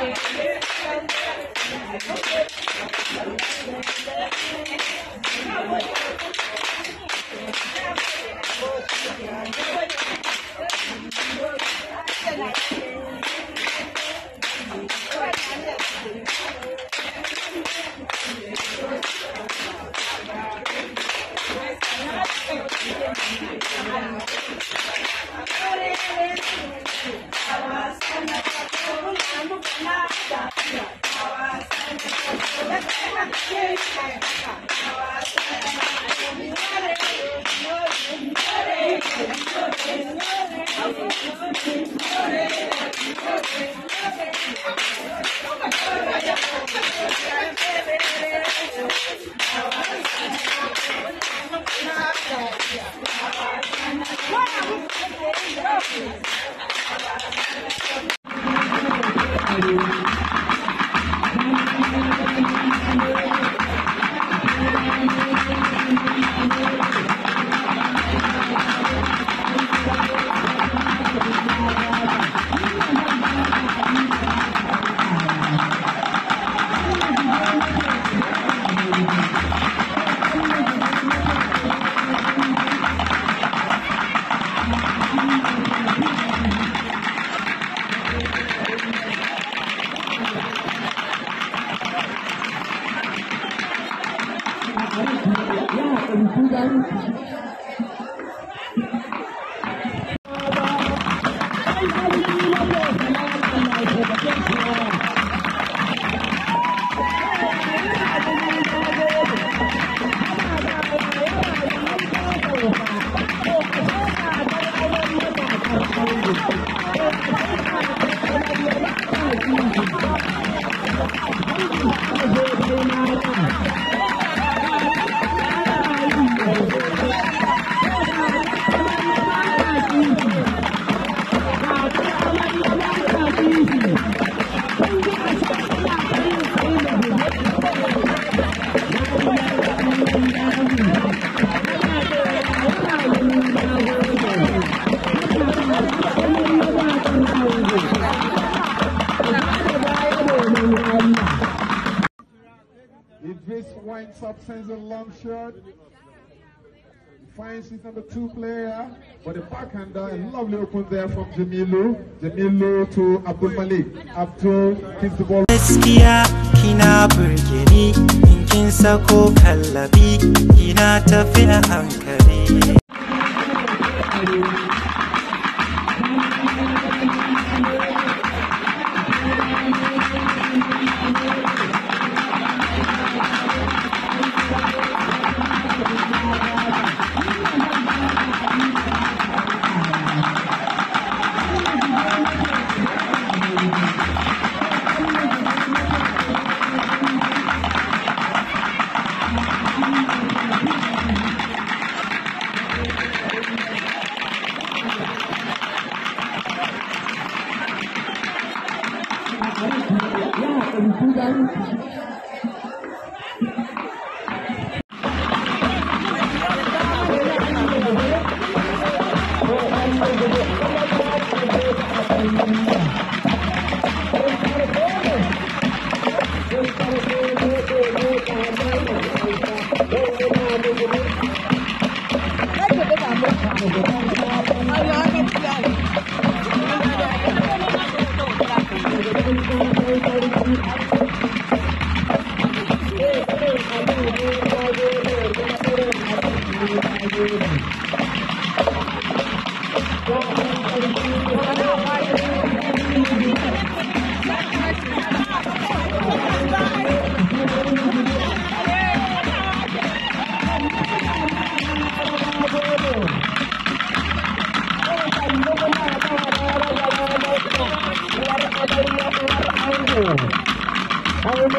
I'm gonna 加油！なるほど。fine substance and long shot. Fine, his number two player, but the backhander, a lovely open there from Jamilu. Jamilu to Abdul Malik. Abdul hits the ball. Gaskiya kina burge ni in kin sako kallabi kina tafi a Ay, ay, ay, ay. I'm going to go to the hospital. Hallelujah.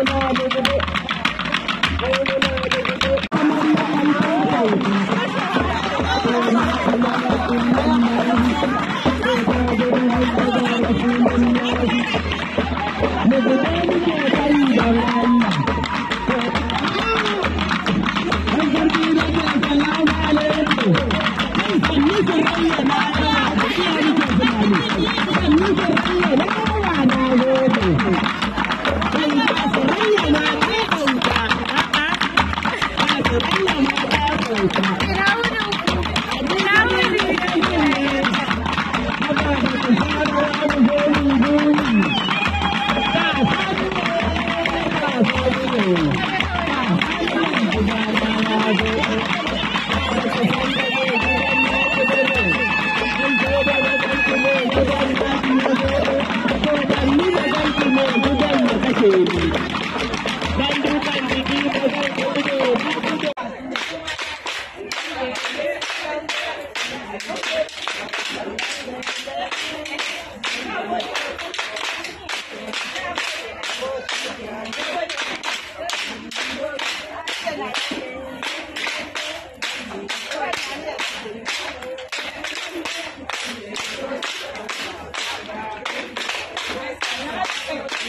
Thank you.